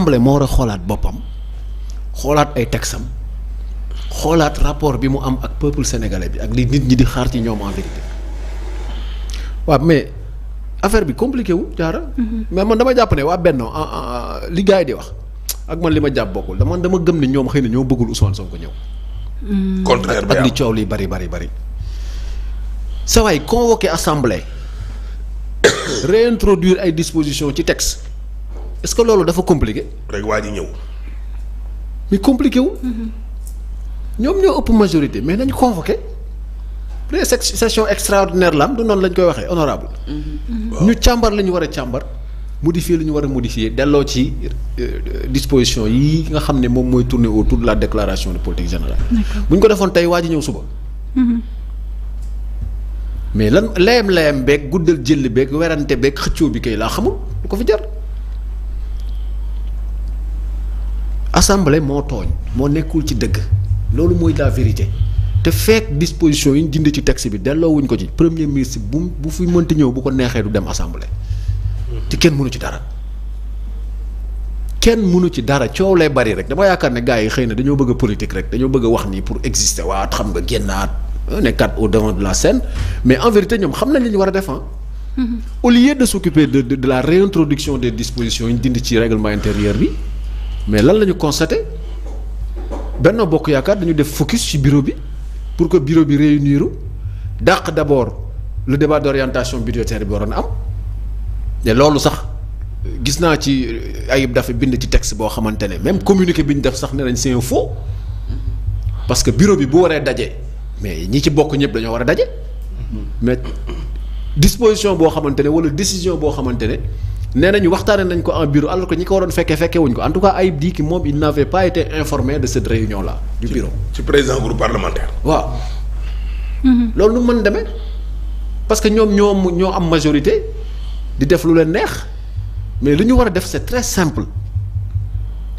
assemblée moo war a xoolaat boppam xoolaat ay texam xoolaat rapport bi mu am ak peuple sénégalais bi ak li nit ñi di xaar ci ñoom en vérité mais affaire bi compliqué wu jaara mhm. mais man dama jàpp ne waa Benno ah, ah, ah, li gars di wax ak man li ma jàpp bokkul dama dama gëm ne ñoom xëy na ñoo bëggul Ousmane ko ñëw. Mm. contraire bi ak li coow li bari bari bari. sa waay convoqué réintroduire ay dispositions ci texte. est-ce que loolu dafa compliqué. rek waa ji ñëw. mais compliqué wu. ñoom ñoo ëpp majorité mais nañ convoqué. bu dee session extraordinaire la am du noonu lañ koy waxee honorable ñu càmbar la ñu war a càmbar. modifier lu ñu war a modifier delloo ci euh, disposition yi nga xam ne moom mooy tourner autour de la déclaration de politique générale. bu ñu ko defoon tey waa ji ñëw suba. Mm-hmm. mais lan layam layam beeg guddal jëll beeg werante beeg xëccoo bi kay laa xamul lu ko assemblée moo tooñ moo nekkul ci dëgg loolu mooy la vérité te fekk disposition yi ñu dindi ci texte bi delloo wuñ ko ci premier ministre bu bu fi mënti ñëw bu ko neexee du dem assemblée te kenn mënu ci dara kenn mënu ci dara coow lay bari rek dama yaakaar ne gars yi xëy na dañoo bëgg a rek dañoo bëgg wax nii pour exister waat xam nga génnaat euh, nekkaat au devant de la scène mais en vérité ñoom xam nañ li war a def mm-hmm. au lieu de s'occuper de de, de la des dispositions ñu dindi ci règlement intérieur bi mais lan la ñu constaté Benno Bokk Yaakaar dañu def focus ci bureau bi pour que bureau bi réuniru dàq d'abord le débat d'orientation budgétaire bi waroon am te loolu sax gis naa ci euh, ayib dafa bind ci texte boo xamante ne même communiqué bi ñu def sax ne nañ c'est un parce que bureau bi bu waree dajee mais ñi ci bokk ñëpp dañoo war a daje mais disposition boo xamante ne wala décision boo xamante ne nee nañu waxtaane nañ ko en bureau alors que ñi ko waroon fekkee fekkee ko en tout cas Ayib Dick moom il n'avait pas été informé de cette réunion là du bureau ci président groupe parlementaire waaw mm-hmm. loolu mën demee parce que ñoom ñoom ñoo am majorité di def lu leen neex mais li ñu war a def c'est très simple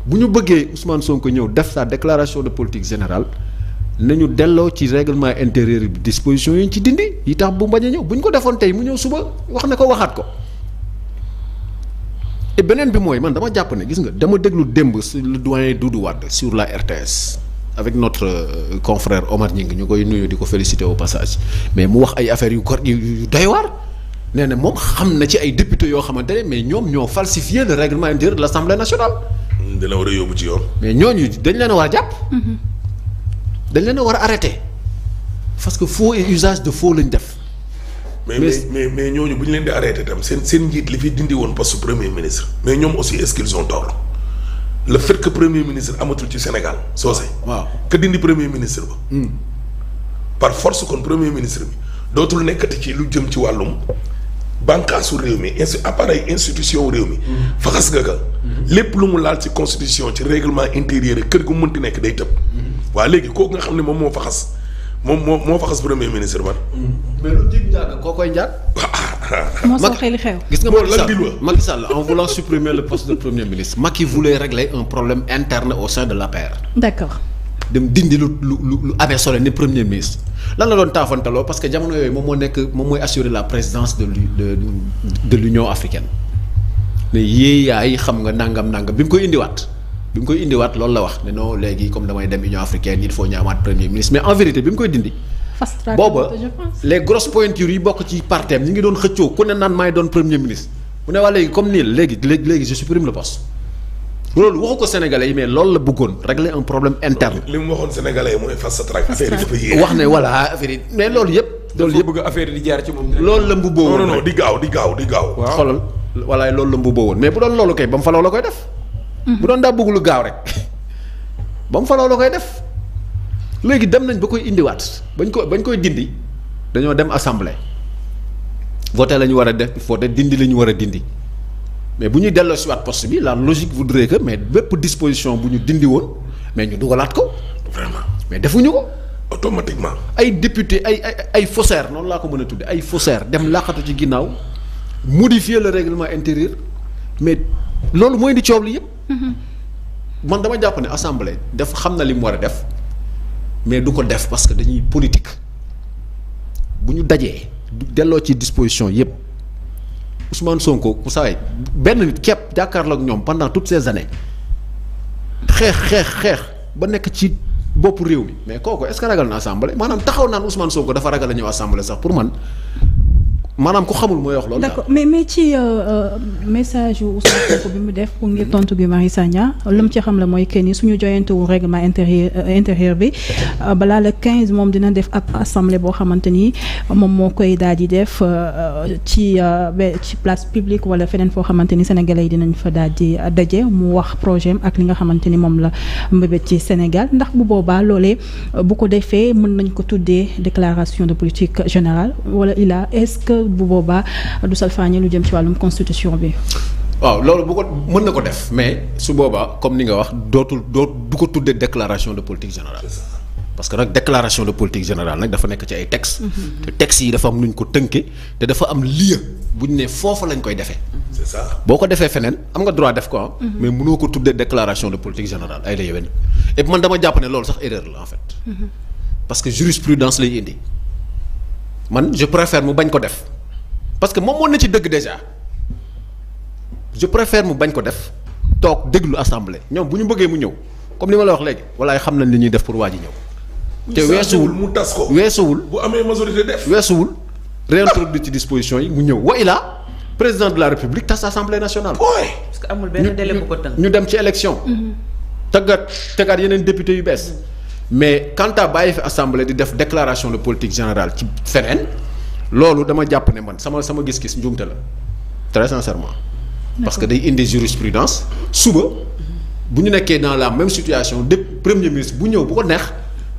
bu ñu bëggee Ousmane Sonko ñëw def sa déclaration de politique générale nañu delloo ci règlement intérieur bi disposition yi ñu ci dindi yi tax bu mbañ a ñëw bu ñu ko defoon tey mu ñëw suba wax na ko waxaat ko te beneen bi mooy man dama jàpp ne gis nga dama déglu démb sur le doyen Doudou Wade sur la RTS avec notre euh, confrère Omar Gningue ñu koy nuyu di ko féliciter au passage mais mu wax ay affaires yu gor yu doy waar nee na moom xam na ci ay député yoo xamante ne mais ñoom ñoo falsifié le règlement intérieur de l'Assemblée nationale. Mm, dina war a yóbbu ci yoon. mais ñooñu dañ leen a war a jàpp. Mm-hmm. dañ leen war a arrêter parce que faux et usage de faux lañu def. mais mais mais ñooñu bu ñu leen di arrêté tam seen seen njiit li fi dindi woon poste premier ministre mais ñoom aussi est-ce qu'ils ont tort le fait que premier ministre amatul ci Sénégal soose ah, waaw que dindi premier ministre ba hmm. par force kon premier ministre bi dootul nekkati ci lu jëm ci wàllum bànqaasu réew mi insi appareil institution réew mi hmm. faxas nga ka hmm. lépp lu mu laal ci constitution ci règlement intérieur kër gu mënti nekk day tëb waa léegi kooku nga xam ne moom moo faxas moom moo moo fa xas premier ministre man. mais lu jig njàgg koo koy njàgg. moo soo xeli xew. gis nga la Sall Macky Sall en voulant supprimer le poste de premier ministre Macky voulait régler un problème interne au sein de l'APR. d'accord. dem dindi lu lu lu amee solo ni premier ministre lan la doon taafantaloo parce que jamono yooyu moom moo nekk moom mooy assurer la présidence de de de l'Union africaine mais yéey yaay xam nga nangam nangam bi mu koy indiwaat. bi mu koy indiwaat loolu la wax ne non léegi comme damay dem Union africaine il faut ñu amaat premier ministre mais en vérité bi mu koy dindi. booba les grosses pointures yi bokk ci partem ñi ngi doon xëccoo ku ne naan maay doon premier ministre mu ne waa léegi comme nii léegi léegi léegi je le poste loolu waxu ko sénégalais yi mais loolu la bëggoon régler un problème interne. li mu waxoon sénégalais yi mooy fast track affaire wax ne voilà affaire yi mais loolu yëpp. loolu yëpp bëgg affaire di jaar ci moom. loolu la mbubboo woon non non di bu doon daa bëgg lu gaaw rek ba mu faloo la koy def léegi dem nañ ba koy indiwaat bañ ko bañ koy dindi dañoo dem assemblée voté la ñu war a def voté dindi la ñu war a dindi mais bu ñuy delloo si post bi la logique voudrait que mais bépp disposition bu ñu dindi woon mais ñu dugalaat ko. vraiment mais defuñu ko. automatiquement. ay député ay ay ay faussaires noonu laa ko mën a tudde ay faussaires dem làqatu ci ginnaaw modifier le réglement intérieur mais loolu mooy di coow li yëpp. Mhm. man dama jàpp ne assemblée def xam na li mu war a def mais du ko def parce que dañuy politique bu ñu dajee delloo ci disposition yépp Ousmane Sonko ku saway benn nit képp jàkkaarloo ak ñoom pendant tout ces années xeex xeex xeex ba nekk ci bopp réew mi mais kooku est-ce que ragal na assemblée maanaam taxaw naan Ousmane Sonko dafa ragal a ñëw sax pour man. maanaam ku xamul mooy wax loolu. d'accord mais mais ci euh, euh, message yu Ousmane Sonko bi mu def pour ngir tontu bi Marie Sagna lu mu ci xam la mooy que ni suñu joyante wu règlement intérieur euh, intérieur bi balaa le 15 moom dina def ab assemblée boo xamante ni moom moo koy daal di def ci ci place publique wala feneen foo xamante ni sénégalais yi dinañ fa daal di daje mu wax projet ak li nga xamante ni moom la mbébét ci Sénégal ndax bu boobaa loolee bu ko defee mën nañ ko tuddee déclaration de politique générale bu boobaa du salfaañe lu jëm ci wàllum constitution bi. waaw loolu bu ko mën na ko def mais su boobaa comme ni nga wax dootul doo du ko tuddee déclaration de politique générale. parce que nag déclaration de politique générale nag dafa nekk ci ay textes. Mm-hmm. te textes yi dafa am ñu ko tënkee te dafa am bu buñ nee foofa lañ koy defee. c'est boo ko defee feneen am nga droit def ko ah. Mm-hmm. mais mënoo ko tuddee déclaration de politique générale ay la yéwén. et man dama jàpp ne loolu sax erreur la en fait. Mm-hmm. parce que jurisprudence man je préfère mu bañ ko def. parce que moom moo na ci dëgg déjà je préfère mu bañ ko def toog déglu assemblée ñoom bu ñu bëggee mu ñëw comme li ma la wax léegi walaay xam nañ li ñuy def pour waa ji ñëw. te weesuwul mu tas ko weesuwul. bu amee majorité def weesuwul. réintroduire ci disposition yi mu ñëw wa illah président de la république tas assemblée nationale. parce que amul benn délai bu ko ñu dem ci élection. Mm-hmm. tëggat tëggaat yeneen député yu bees. Mm-hmm. mais quant bàyyi fi assemblée di def déclaration de politique générale ci feneen. loolu dama jàpp ne man sama sama gis-gis njuumte la très sincèrement. parce que day indi jurisprudence suba bu ñu nekkee dans la même situation de premier ministre bu ñëw bu ko neex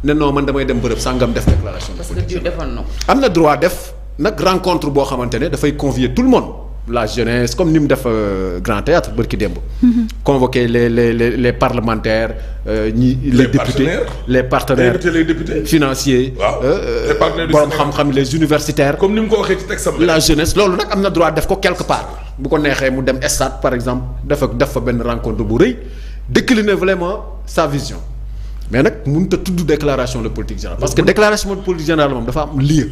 ne noo man damay dem bërëb sàngam def déclaration. de politique parce que defoon na ko am na droit def nag rencontre boo xamante ne dafay convier tout le monde. la jeunesse comme ni mu def euh, grand théâtre bërki démb mhm. convoquer les le le les parlementaire ñi euh, euh, les députés les partenaires borom xam-xam les universitaires comme ni mu ko waxee ci texte la jeunesse loolu nag am na droit def ko quelque part bu ko neexee mu dem stade par exemple def ak def fa benn rencontre bu rëy décliner vraiment sa vision mais nag mënut a tudd déclaration de politique générale parce que déclaration de politique générale moom dafa am lieu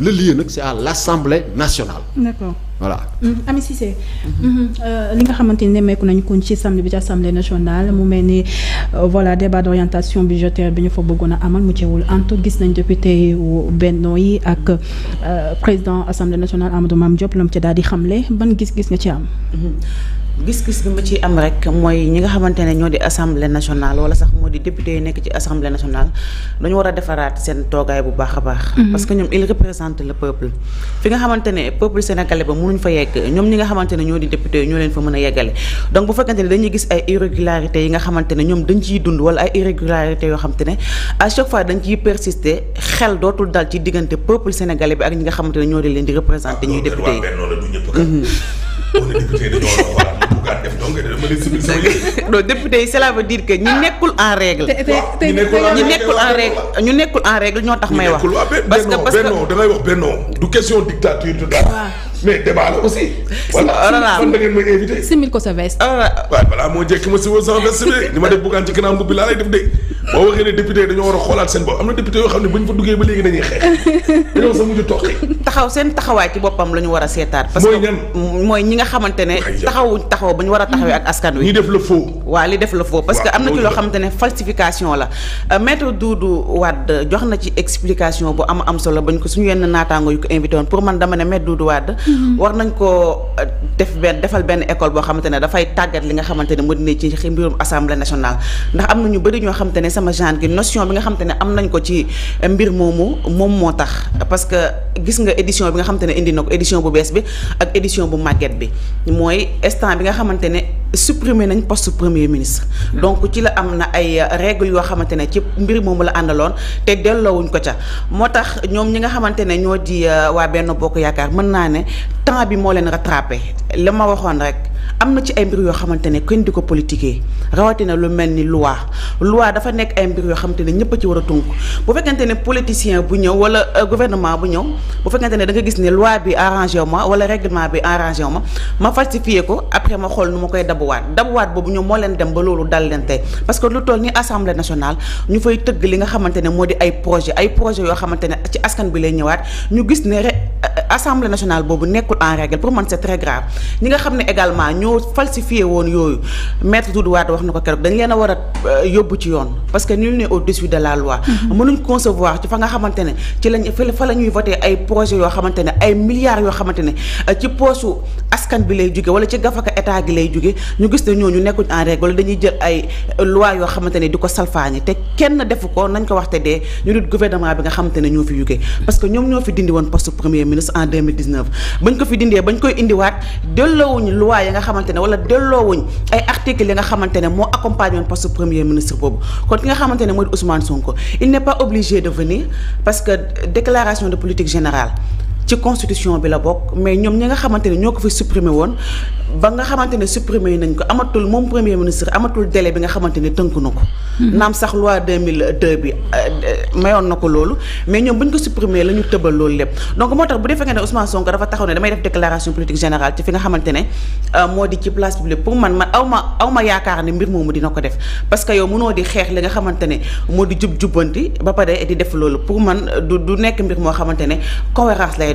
le lieu nag c'est à l'Assemblée nationale. d'accord voilà. Mm, Amy Cissé. Mm-hmm, euh, li nga xamante ni nemmeeku nañu kon ci samedi bi ci assemblée nationale mu mel ni euh, voilà débat d'orientation budgétaire bi ñu fa bëggoon a amal mu ceewul antu gis nañ député wu Benno yi ak euh, président assemblée nationale Amadou Mame Diop la mu ci daal di xamle ban gis-gis nga ci am. Mm-hmm. gis-gis bi ma ci am rek mooy ñi nga xamante ne ñoo di assemblée nationale wala sax moo di député yi nekk ci assemblée nationale dañu war a defaraat seen toogaay bu baax a baax. Mm-hmm. parce que ñoom ils représentent le peuple. fi nga xamante ne peuple sénégalais ba mënuñ fa yegg ñoom ñi nga xamante ne ñoo di député ñoo leen fa mën a yeggale donc bu fekkante ne dañuy gis ay irrégularités yi nga xamante ne ñoom dañ ciy dund wala ay irrégularités yoo xam te ne à fois dañ ciy persister xel dootul dal ci diggante peuple sénégalais bi ak ñi nga xamante ne ñoo di leen di représenté ñuy non député yi cela veut dire que ñu nekkul en règle. ñu nekkul en ñu nekkul en règle ñoo tax may wax. Ah, parce que parce que da ngay wax bennoo du question dictature de dara. mais débat la aussi. voilà fan la ngeen may invité. simil ko sa veste. waaw ah, balaa moo njëkk ma siwal sama veste bi li ma def buggaan ci kanam bu bi laa lay def de boo waxee ne député dañoo war a xoolaat seen bopp am na député yoo xam ne bu ñu fa duggee ba léegi dañuy xeex taxaw seen taxawaay ci boppam la ñu war a seetaat. parce que mooy mooy ñi nga xamante ne. taxawuñ taxaw ba ñu war a taxawee ak askan wi. ñi def la faux. waaw li def la faux parce que am na ci loo xamante ne falsification la euh, maître Doudou Wade jox na ci explication bu am am solo bañ ko suñu yenn naataango yu ko pour man dama ne maître Doudou Mm-hmm. war nañ ko euh, def benn defal benn école boo xamante ne dafay tàggat li nga xamante ne moo di ci mbirum assemblée nationale ndax am na ñu bëri ñoo xamante ne sama genre gi notion bi nga xamante ne am nañ ko ci euh, mbir moomu moom moo tax parce que gis nga édition bi nga xamante ne indi na ko édition bu bees bi ak édition bu màgget bi mooy instant bi nga xamante ne supprimer nañ poste premier ministre donc ci la am na ay règles yoo xamante ne ci mbir moomu la àndaloon te delloowuñ ko ca moo tax ñoom ñi nga xamante ne ñoo di euh, waa benn bokk yaakaar mën naa ne temps bi moo leen rattrapé li ma waxoon rek am na ci ay mbir yoo xamante ne kenn di ko politiquer rawatina lu mel ni loi loi dafa nekk ay mbir yoo xamante ne ñëpp ci war a tënk bu fekkente ne politicien bu ñëw wala euh, gouvernement bu ñëw bu fekkente ne da nga gis ne loi bi arrangé wu ma wala bi arrangé wu ma ma falsifié ko après ma xool nu ma koy dabuwaat dabuwaat boobu ñoom moo leen dem ba loolu dal leen tey parce que lu toll ni assemblée nationale ñu fay tëgg li nga xamante ne moo di ay projet ay projet yoo xamante ne ci askan bi lay ñëwaat ñu gis ne euh, assemblée nationale boobu nekkul en règle pour ans ñoo falsifié woon yooyu maître Doudou Wade wax na ko keroog dañ leen a war a euh, yóbbu ci yoon parce que nul n'est au-dessus de la loi mm-hmm. mënuñ concevoir ci fa nga xamante ne ci lañ fa la ñuy voté ay projets yoo xamante ne ay milliards yoo xamante ne euh, ci poosu askan bi lay jóge wala ci gafaka état gi lay jóge ñu gis ne ñooñu nekkuñ en règle wala dañuy jël ay euh, loi yoo xamante ne di ko salfaañe te kenn defu ko nañ ko waxte dee ñu dut gouvernement bi nga xamante ne ko fi dindee nga xamante ne wala delloowuñ ay articles yi nga xamante ne moo accompagné woon poste premier ministre boobu kon ki nga xamante ne mooy Ousmane Sonko il n'est pas obligé de venir parce que déclaration de politique générale ci constitution bi la bokk mais ñoom ñi nga xamante ne ñoo ko fi supprimer woon ba nga xamante ne supprimer nañ ko amatul moom premier ministre amatul délai bi nga xamante ne tënk na ko. Hmm. naam sax loi 2002 bi euh, euh, mayoon na ko loolu mais ñoom bu ñu ko supprimer la ñu tëbal lépp donc moo bu defee nga ne Ousmane dafa taxaw ne damay def déclaration politique générale ci fi nga xamante euh, di ci place publique pour man man aw ma aw ma yaakaar ne mbir moom dina ko def parce que yow mënoo di xeex li nga xamante ne moo di jub jubbanti ba pare di def loolu pour man du du nekk mbir moo xamante ne cohérence lay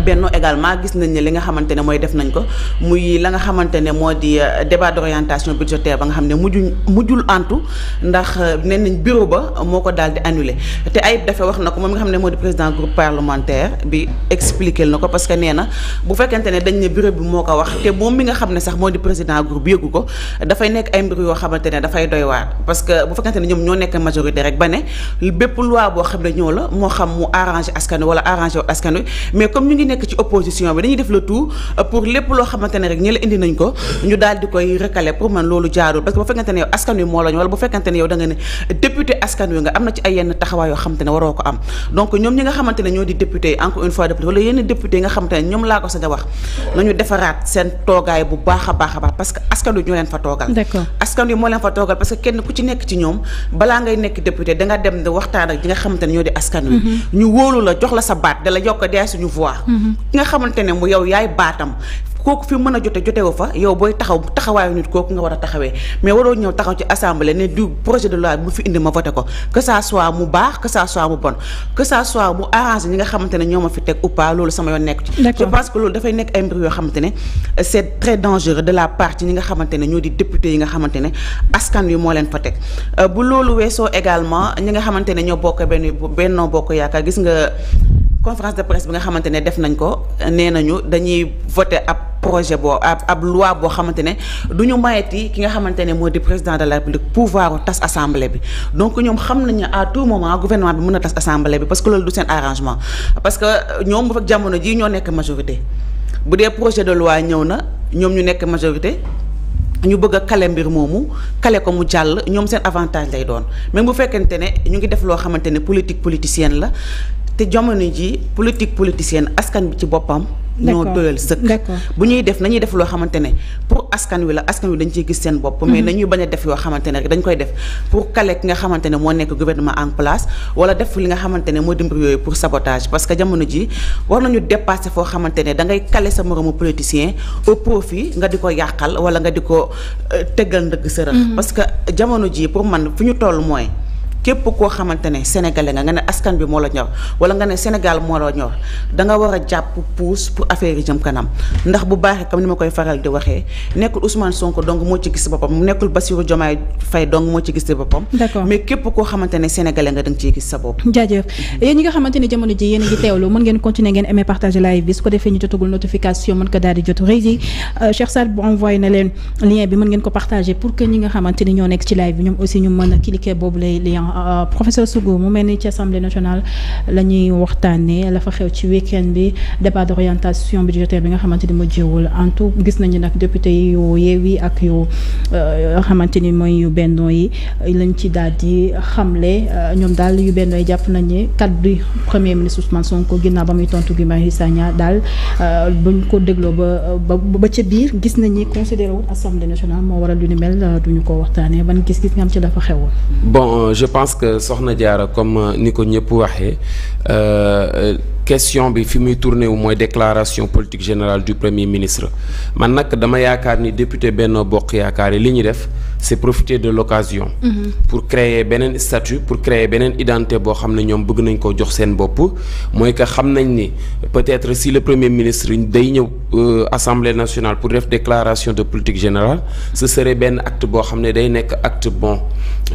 benno également gis nañ ne li nga xamante ne mooy def nañ ko muy la nga xamante ne moo di euh, débat d'orientation budgétaire ba nga xam ne mu mujj mujjul antu ndax euh, nee nañ bureau ba moo ko daal di annulé te Ayib Daffé wax na ko moom nga ne moo di président groupe parlementaire bi expliqué na ko parce que nee na bu fekkente ne dañ ne bureau bi moo ko wax te moom mi nga xam ne sax moo di président groupe yëgu ko dafay nekk ay mbir yoo xamante ne dafay doy waar parce que bu fekkente ne ñoom ñoo nekk majorité rek ba ne bépp loi boo xam ne ñoo la moo xam mu arrangé askan wi wala arrangé askan wi ngi nekk ci opposition bi dañuy def le tout euh, pour lépp loo xamante rek ñi la indi nañ ko ñu daal di koy recalé pour man loolu jaarul parce que bu fekkante nañu defaraat seen toogaay bu baax a baax parce que askan wi ñoo leen fa toogal askan wi moo leen fa toogal parce que kenn ku ci nekk ci ñoom balaa ngay nekk député danga dem waxtaan ak ñoo di askan wi mm-hmm. ñu wóolu la jox la sa baat dala yokk dee suñu voix ki nga xamante ne mu yow yaay baatam kooku fi mën a jote jotewu fa yow booy taxaw taxawaayu nit kooku nga war a taxawee mais waroo ñëw taxaw ci assemblée ne du projet de loi bu fi indi ma voté ko que ça soit mu baax que ça soit mu bon que ça soit mu arrangé ñi nga xamante ne ñoo ma fi teg ou loolu sama yoon nekk ci je pense que loolu dafay nekk ay mbir yoo xamante ne c'est très dangereux de la part ci ñi nga xamante ne ñoo di député yi nga xamante ne askan wi moo leen fa teg euh, bu loolu weesoo également ñi nga xamante ne ñoo bokk benn bennoo bokk yaakaar gis nga conférence de presse bi nga xamante ne def nañ ko nee ñu dañuy voté ab projet boo ab ab loi boo xamante ne du ñu mayeti ki nga xamante ne moo di président de la république pouvoir tas assemblée bi donc ñoom xam nañu à tout moment gouvernement bi mun a tas assemblée bi parce que loolu du seen arrangement parce que ñoom bu fekk jamono jii ñoo nekk majorité bu dee projet de loi ñëw na ñoom ñu nekk majorité ñu bëgg a kale mbir moomu kale ko mu jàll ñoom seen avantage lay doon même bu fekkente ne ñu ngi def loo xamante ne politique politicienne la te jamono ji politique politicienne askan bi ci boppam. ñoo doyal sëkk. bu ñuy def nañuy def loo xamante ne pour askan wi la askan wi dañu ciy gis seen bopp. mais mhm. nañuy bañ a def yoo xamante ne rek dañ koy def pour kale ki nga xamante ne moo nekk gouvernement en place wala def li nga xamante ne moo dimbali yooyu pour sabotage parce que jamono ji war nañu dépasser foo xamante ne da ngay kale sa moromu politicien au profit nga di ko yàqal wala nga di ko euh, tëggal ndëgg sërëx. Mhm. parce que jamono ji pour man fu ñu toll mooy. képp koo xamante ne sénégalais nga nga ne askan bi moo la ñor wala nga ne Sénégal moo la ñor da war a jàpp pousse pour affaire jëm kanam ndax bu baaxee comme ni ma koy faral di waxee nekkul Ousmane Sonko moo ci gis boppam nekkul Bassirou Diomaye Faye nga da jamono ji yéen a ngi teewlu mën ngeen continuer ngeen aimer partager live bi su ko defee ñu jotagul notification mën ko daal di jot régi euh, Cheikh Sarr bu envoyé na leen lien bi mën ngeen ko partager pour que ñi nga xamante ñoo nekk ci live bi instant euh, professeur mu mel ni ci assemblée nationale la ñuy waxtaanee la fa xew ci week-end bi débat d'orientation budgétaire bi nga xamante ni mujjewul en tout gis nañu nag député yu Yewwi ak yu euh, xamante ni mooy yu Benno yi lañ ci daal di xamle euh, ñoom daal yu Benno yi jàpp nañ ne kaddu premier ministre Ousmane Sonko ginnaaw ba muy tontu Guy Marius Sagna daal buñ ko dégloo ba ba ba ca biir gis nañ ni considéré wul assemblée nationale moo waral du ni mel duñu ko waxtaanee ban gis-gis nga ci la xewoon. pense que soxna jaara comme euh, ni ko ñëpp waxee euh, question bi fi muy tourné wu mooy déclaration politique générale du premier ministre man nag dama yaakaar ni député Benno Bokk Yaakaar yi li ñu def c'est profiter de l'occasion mm-hmm. pour créer beneen statut pour créer beneen identité boo xam ne ñoom bëgg nañ ko jox seen bopp mooy que xam nañ ni peut-être si le premier ministre day ñëw euh, assemblée nationale pour def déclaration de politique générale ce serait benn acte boo xam ne day nekk acte bon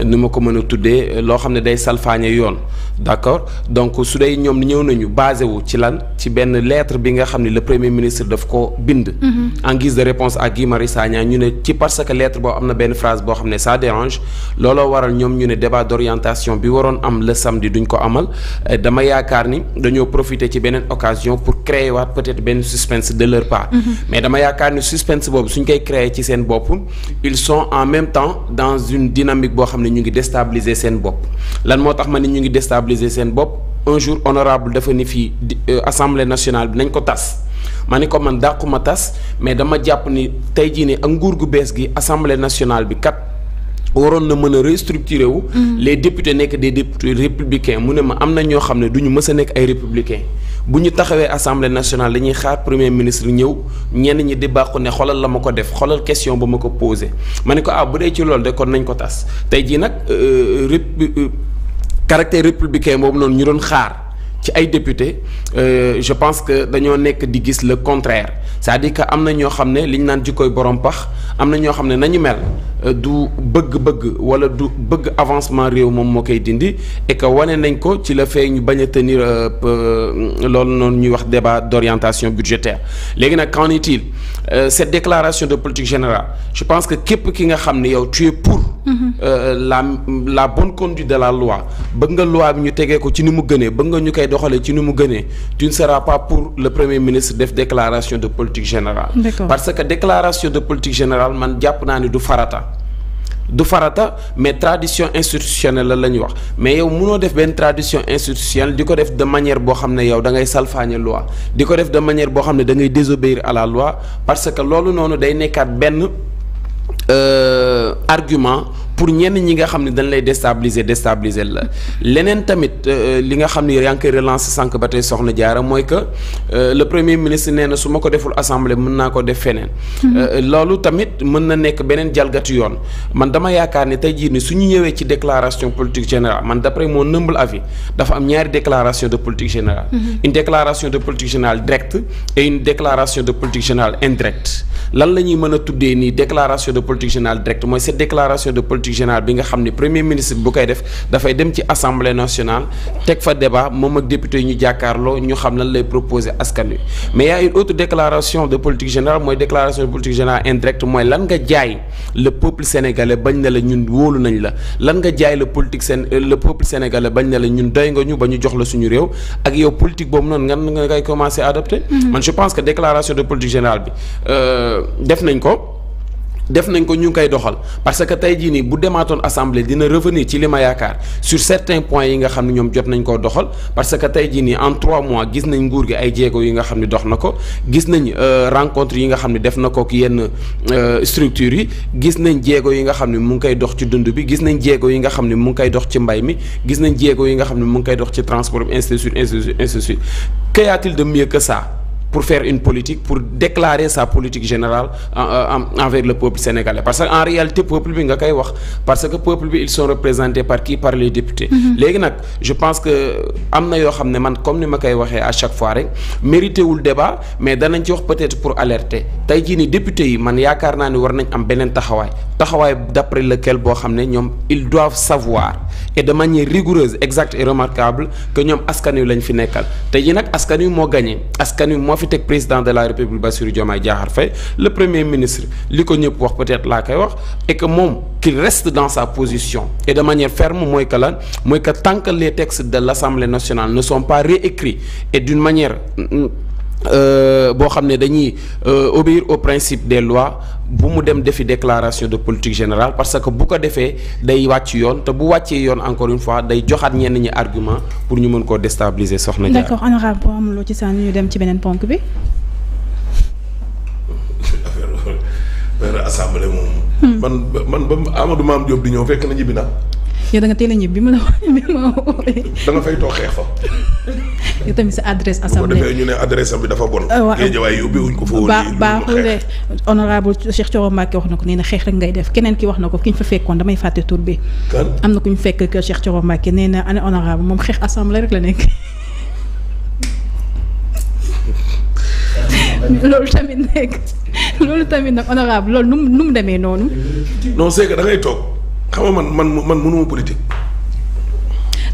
nu ma ko mën a tuddee loo xam ne day salfaañe yoon d'accord donc su dee ñoom ñëw nañu basé wu ci lan ci benn lettre bi nga xam ne le premier ministre daf ko bind mm-hmm. boo xam ne sa dérange looloo waral ñoom ñu ne débat d'orientation bi waroon am le samedi duñ ko amal eh, dama yaakaar ni dañoo profiter ci beneen occasion pour créer waat peut-être benn suspense de leur part mm-hmm. mais dama yaakaar ni suspense boobu suñ koy créer ci seen bopp ils sont en même temps dans une dynamique boo xam ne ñu ngi déstabiliser seen bopp lan moo tax ma ni ñu ngi déstabiliser seen bopp un jour honorable dafa ni fii euh, assemblée nationale bi ko tas ma ni ko man dàquma tas mais dama jàpp ni tey jii ni ak nguur gu bees gi assemblée nationale bi kat waroon na mën a restructurer wu. Mm-hmm. les députés nekk des députés républicains mu ne ma am na ñoo xam ne du ñu mës a nekk ay républicains bu ñu taxawee assemblée nationale dañuy xaar premier ministre ñëw ñenn ñi di bàqu ne xolal la ma ko def xolal question ba ma ko posé ma ne ko ah bu dee ci loolu de kon nañ ko tas tey jii nag euh, euh, euh, caractère républicain boobu noonu ñu doon xaar. ci ay député euh, je pense que dañoo nekk di gis le contraire cest di dire am na ñoo xam ne li ñu naan jikkooy borom pax am na ñoo xam ne nañu mel euh, du bëgg-bëgg wala du bëgg avancement réew moom moo koy dindi et wane nañ ko ci la fee ñu bañ a tenir euh, loolu noonu ñuy wax débat d'orientation budgétaire léegi nag qu'en est-il cette déclaration de politique générale je pense que képp ki nga xam ne yow tu es pour mm-hmm. la la bonne conduite de la loi bëgg nga loi bi ñu tegee ko ci ni mu gënee bëgg doxalee ci ni mu gënee tu ne seras pour le premier ministre def déclaration de politique général parce que déclaration de politique général man jàpp naa ni du farata du farata mais tradition institutionnelle la la ñuy wax mais yow munoo def benn tradition institutionnelle di ko def de manière boo xam ne yow da ngay salfaañe loi di ko def de manière boo xam ne dangay ngay désobéir à loi parce que loolu noonu day nekkaat benn euh, argument pour ñenn ñi nga xam ne dañ lay déstabiliser déstabiliser la leneen tamit euh, li nga xam ne yaa ngi koy relance sànq ba tey soxna jaara mooy que euh, le premier ministre nee na su ma ko deful assemblée mën naa ko def feneen. Mhm. Euh, loolu tamit mën na nekk beneen jalgati yoon man dama yaakaar ni tey jii ni su ñu ñëwee ci déclaration politique générale man d'après moo humble avis dafa am ñaari déclaration de politique générale. Mhm. une déclaration de politique générale directe et une déclaration de politique générale indirecte la ñuy mën a tuddee nii déclaration de politique générale directe mooy cette politique générale bi nga xam ni premier ministre bu koy def dafay dem ci assemblée nationale teg fa débat moom ak député ñu jàkkaar loo ñu xam lan lay proposer askan wi mais y a une autre déclaration de politique générale mooy déclaration de politique générale indirecte mooy lan nga jaay le peuple sénégalais bañ na la ñun wóolu nañ la lan nga jaay le politique sén euh, le peuple sénégalais bañ na la ñun doy nga ñu ba ñu jox la suñu réew ak yow politique boobu noonu ngan nga ngay commencer adopter mm-hmm. man je pense que déclaration de politique générale bi euh, def nañ ko ñu ngi koy doxal parce que tey jii nii bu demaatoon assemblée dina revenir ci lima ma yaakaar sur certains point yi nga xam ne ñoom jot nañ koo doxal parce que tey ji nii en trois mois gis nañ nguur gi ay jéego yi nga xam ne dox na ko gis nañ euh, rencontre yi nga xam ne def na ko ak yenn euh, structures yi gis nañ jéego yi nga xam ne mu ngi koy dox ci dund bi gis nañ jéego yi nga xam ne mu ngi koy dox ci mbay mi gis nañ jéego yi nga xam ne mu ngi koy dox ci transport bi ainsi de suite ainsi de de suite que ça pour fair une politique pour déclarer sa politique générale euh, envers le peuple sénégalais parce que en réalité peuple bi nga koy wax parce que peuple bi ils sont représentés par qui par les députés mm-hmm. léegi nag je pense que am na yoo xam ne man comme ni ma koy waxee à chaque fois rek mérité wul débat mais danañ ci wax peut-être pour alerter tey jii ni députés yi man yaakaar naa ni war nañ am beneen taxawaay taxawaay d'après lequel boo xam ne ñoom ils doivent savoir et de manière rigoureuse exacte et remarquable ñoom askan wi lañ fi nekkal tey jii nag askan wi moo gagné moo fi teg président de la république Bassirou Diomaye Diakhar Faye le premier ministre li ko ñëpp wax peut laa koy wax et que moom ki reste dans sa position et de manière ferme mooy que lan mooy que tant que les de l'Assemblée nationale ne sont pas réécrits et d'une manière mm, Euh, boo xam ne dañuy euh, obéir au principe des lois bu mu dem defi déclaration de politique générale parce que bu ko defee day wàcc yoon te bu wàccee yoon encore une fois day joxaat ñenn ñi argument pour ñu mën koo déstabiliser soxna Diarra. d'accord honorable boo am loo ci sànni ñu dem ci beneen ponk bi. Euh, affaire assemblée hmm. man man ba Amadou Mame Diop di ñëw fekk na ñibbi naa. yow da nga teel a ñibbi bi ma la bi ma wooyee. xeex sa adresse bi dafa bon. Ah, waaw géejawaay ubbi wuñ ko fa woon. baax baaxul wax na ko nee na xeex rek ngay def keneen ki wax na ko ki ñu fa fekkoon damay fàtte tur bi. am na ku ñu fekk que Cheikh Thioro Mbacke nee na ana honorable moom xeex assemblée rek la nekk. loolu tamit nekk loolu tamit nag honorable loolu nu mu demee noonu. non c'est que toog. xam nga man man man mënuma politique.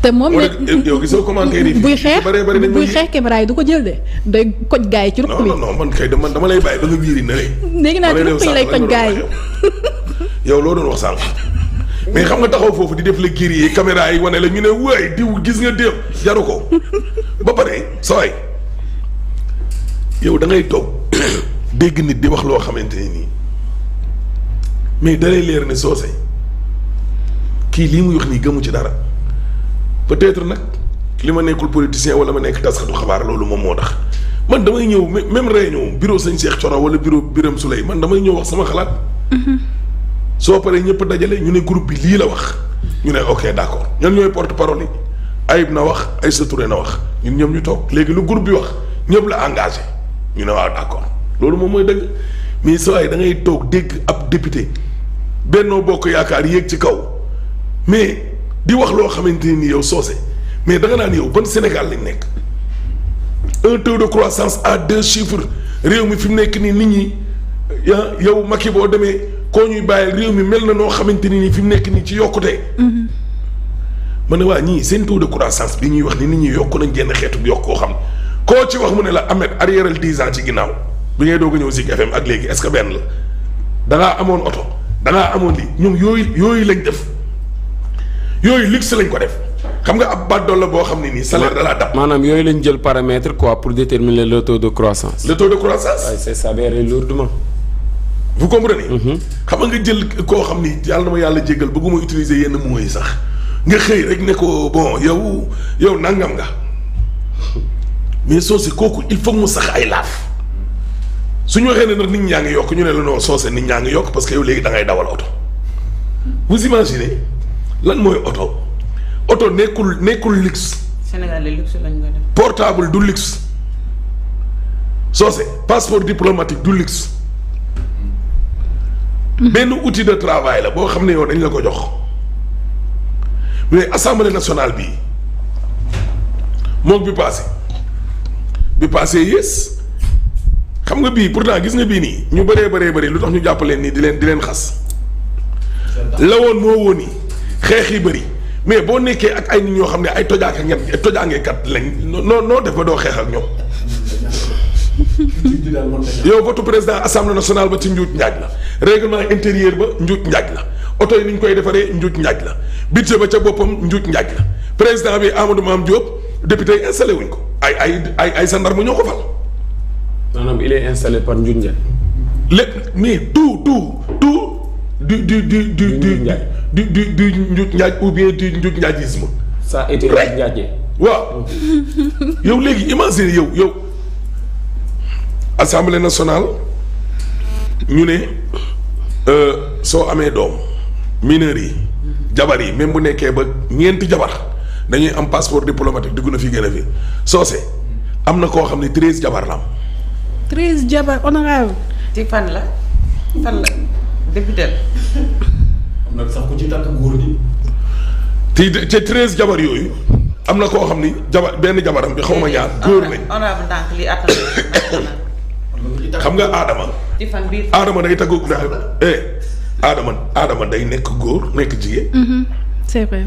te moom ne yow gisoo commentaire yi. buy xeex buy xeex caméra yi du ko jël de day koj gaa yi ci ruq bi. non non man dama lay bàyyi ba nga wiiri na léegi naa ci ruq yi yow loo doon wax sànq. mais xam nga taxaw foofu di def la giri yi caméra yi wane la ñu ne waay diw gis nga déew jaru ko ba pare sooy yow da ngay toog dégg nit di wax loo xamante ne nii mais dalay leer ne soosey. kii lii muy wax nii gëmu ci dara peut-être nag li ma nekkul politicien wala ma nekk taskatu xabaar loolu moom moo tax man damay ñëw même réunion bureau sañ Cheikh Thioro wala bureau biram Souleye man damay ñëw wax sama xalaat. Mm-hmm. soo paree ñëpp dajale ñu ne groupe bi lii la wax ñu ne ok d'accord ñan ñooy porte parole yi na wax Aïssa Touré na wax ñun ñoom ñu toog léegi lu groupe bi wax ñëpp la engagé ñu ne waaw d'accord loolu moom mooy dëgg mais soo yi da toog dégg ab député Benno Bokk Yaakaar yéeg ci kaw. mais di wax loo xamante ni yow soose mais da nga naan yow ban Sénégal lañ nekk un taux de croissance à deux chiffres réew mi fi mu nekk nii nit ñi yow Macky boo demee koo ñuy bàyyi réew mi mel na noo xamante ni fi mu nekk nii ci yokkute. Mm-hmm. man ne waa ñii seen taux de croissance bi ñuy wax ni nit ñi yokk nañ genn xeetu yokk koo xam koo ci wax mu ne la Ahmed arrièreal dix ans ci ginnaaw bi ngay doog a ñëw Zik FM ak léegi est-ce que benn la da amoon oto da amoon lii ñoom yooyu yooyu lañ def. yooyu luxe lañ ko def xam nga ab baat doon la boo xam ne nii salaire da laa dab. maanaam yooyu leen jël paramètre quoi pour déterminer le taux de croissance. le taux de croissance. waaye c'est s'avérer lourdement. vous comprenez. Mm-hmm. xam nga jël koo xam ni yàlla na ma yàlla jéggal bëgguma utiliser yenn mots yi sax nga xëy rek ne ko bon yow yow nangam nga mais soose kooku il faut mu sax ay laaf su suñu waxee ne nag nit ñaa ngi yokk ñu ne la non soose nit ñaa yokk parce que yow léegi da lan mooy oto oto nekkul nekkul luxe. Sénégal luxe lañ ko def. portable du luxe soose passeport diplomatique du luxe mhm. benn outil de travail la boo xam ne yow dañ la ko jox mais assemblée nationale bii moom bi passé bi passé yées xam nga bii pour pourtant gis nga bii nii ñu bëree bëree bëri lu tax ñu jàppaleen nii di leen di leen xas la woon moo woon yi xeex yi bëri mais boo nekkee ak ay nit ñoo xam ne ay tojaaka ngeen tojaangeekat lañ noo noo def ba doo xeex ak ñoom. yow votu président assemblée national ba ci njuuj njaaj la règlement intérieur ba njuuj njaaj la oto yi ni ñu koy defaree njuuj njaaj la budget ba ca boppam njuuj njaaj la président bi Amadou Mame Diop député yi installé wuñ ko ay ay ay ay gendarme ñoo ko fal. maanaam il installé par njuuj njaaj. lépp mais tout tout tout. du du du du du du du du njuuj njaaj ou bien du njuuj njaajisme. ça a été njuuj njaajee waaw yow léegi imagine yow yow assemblée nationale ñu ne euh, soo amee doom mineurs yi. jabar yi même bu nekkee ba ñeenti jabar dañuy am passeport diplomatique dugg na fi gën a fi soose am na koo xam ne treize jabar la am. treize jabar honorable. ci fan la fan la. dëgg teel. am na sax ci tànk góor gi. te te treize jabar yooyu am na koo xam ni jabar benn jabaram bi xaw ma ñaar góor lañ. xam nga aadama ci fan biir Adama day taggu naa eh Adama Adama day nekk góor nekk jigéen. Mm-hmm.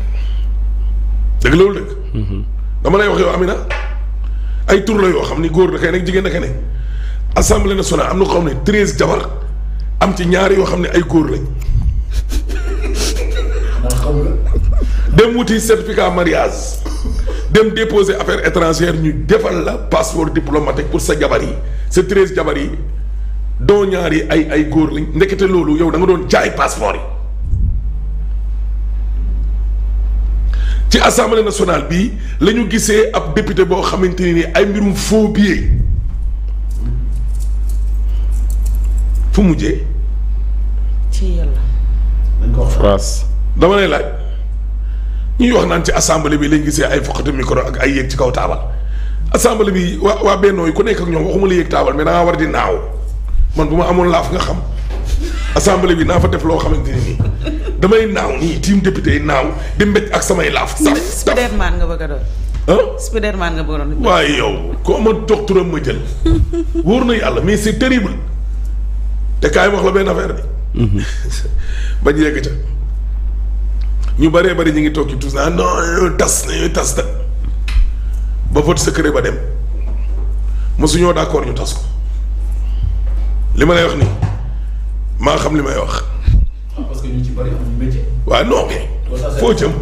dëgg loolu dëgg. Mm-hmm. dama lay wax yow Amina ay tur yoo xam ni góor da kay nekk jigéen da kay nekk assemblée nationale am na ko xam ne treize jabar. am ci ñaar yoo xam ne ay góor lañ. dem wuti certificat mariage dem déposer affaire étrangère ñu defal la passeport diplomatique pour sa jabar yi sa treize jabar yi doo ñaari ay ay góor lañ ndekete loolu yow da nga doon jaay passeport yi. ci assemblée nationale bi la ñu gisee ab député boo xamante ni ay mbirum faux billets. fu mujjee. ci yàlla. dañ ko wax France. dama lay laaj ñuy wax naan ci assemblée bi lañ gisee ay foqati micro ak ay yéeg ci kaw taabal assemblée bi waa waa Bennoo yi ku nekk ak ñoom waxuma la yéeg taabal mais da ngaa war di naaw man bu ma amoon laaf nga xam assemblée bi naa fa def loo xamante ne nii damay naaw nii tiim député yi naaw di mbéj ak samay laaf. saf saf a doon. ah Spiderman waaye yow koo ma toog ma jël wóor na yàlla mais c'est terrible. te kaay wax la benn affaire bi. Mhm. bañ yegg ca ñu bëree bëri ñu ngi toog ci tous ah non euh, tas nañu euh, tas da ba vote secret ba dem mosuñoo d' accord ñu tas ko li ma lay wax nii maa xam li may wax. Ah, parce que ñu ci bëri amuñu métier. waaw non foo jëm.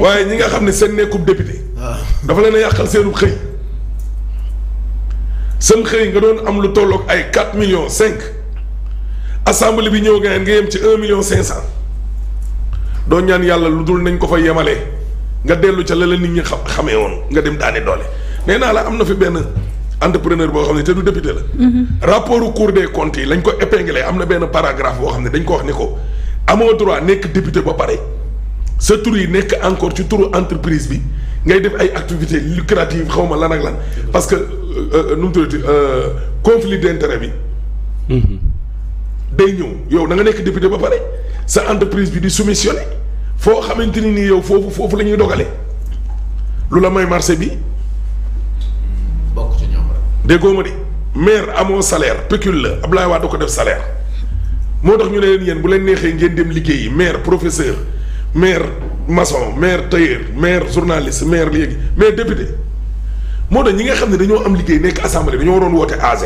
waaye ñi nga xam ne seen nekkub député. Ah. dafa leen a yàqal seenu xëy. sam xëy nga doon am lu tolloog ay 4 millions 5 assemblée bi ñëw nga nga yem ci 1 cinq 500 doo ñaan yàlla lu dul nañ ko fa yemalee nga dellu ca la la nit ñi xam xamee woon nga dem daane doole nee naa la am na fi benn entrepreneur boo xam ne te du député la. Mm-hmm. rapport Cour des comptes yi lañ ko épinglé am na benn paragraphe boo xam ne dañ ko wax ni ko amoo droit nekk député ba pare sa tur yi nekk encore ci turu entreprise bi ngay def ay activités lucratives xaw ma lan ak lan Euh, nu mu tuddati euh, conflit d'intérêt bi. day ñëw yow da nga nekk député ba pare sa entreprise bi di soumissionné foo xamante ni nii yow foofu foofu la ñuy dogale lu la may marché bi. bokk ci déggoo ma di maire amoo salaire pécule la Ablaye Wade da ko def salaire moo tax ñu ne leen yéen bu leen neexee ngeen dem liggéeyi maire professeur maire mason maire tailleur maire journaliste maire léegi maire député. moo tax ñi nga xam ne dañoo am liggéey nekk assemblée dañoo waroon woote AG.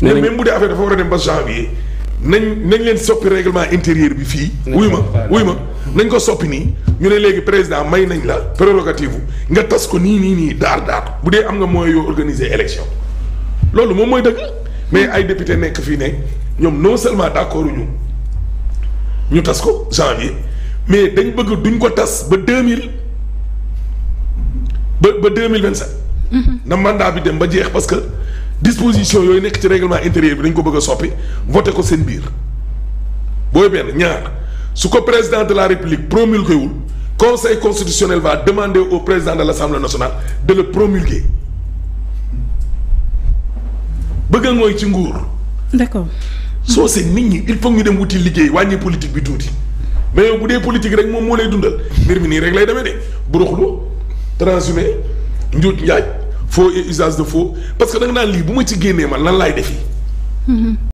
mais même bu dee affaire dafa war a dem ba janvier nañ nañ leen soppi réglement intérieur bi fii. wuy ma wuy ma nañ ko soppi nii ñu ne léegi président may nañ la prérogative nga tas ko nii nii nii daar daar bu dee am nga mooy yoo organiser élection loolu moom mooy dëgg mais ay député nekk fii ne ñoom non seulement d'accord ñu ñu tas ko janvier mais dañ bëgg duñ ko tas ba deux mille ba ba deux mille vingt sept na mandat bi dem ba jeex parce que disposition yooyu nekk ci règlement intérieur bi dañ ko bëgg a soppi voté ko seen biir booy benn ñaar su ko président de la république promulgué wul conseil constitutionnel va demander au président de l' assemblée nationale de le promulguer bëgg a ngooy ci nguur. d' accord soo seen nit ñi il faut ñu dem wuti liggéey wàññi politique bi tuuti mais yow bu dee politique rek moom moo lay dundal mbir mi nii rek lay demee de bu transhumé njuuj njaaj faux et usage de faux parce que da naan lii bu ma ci génnee man lan laay defi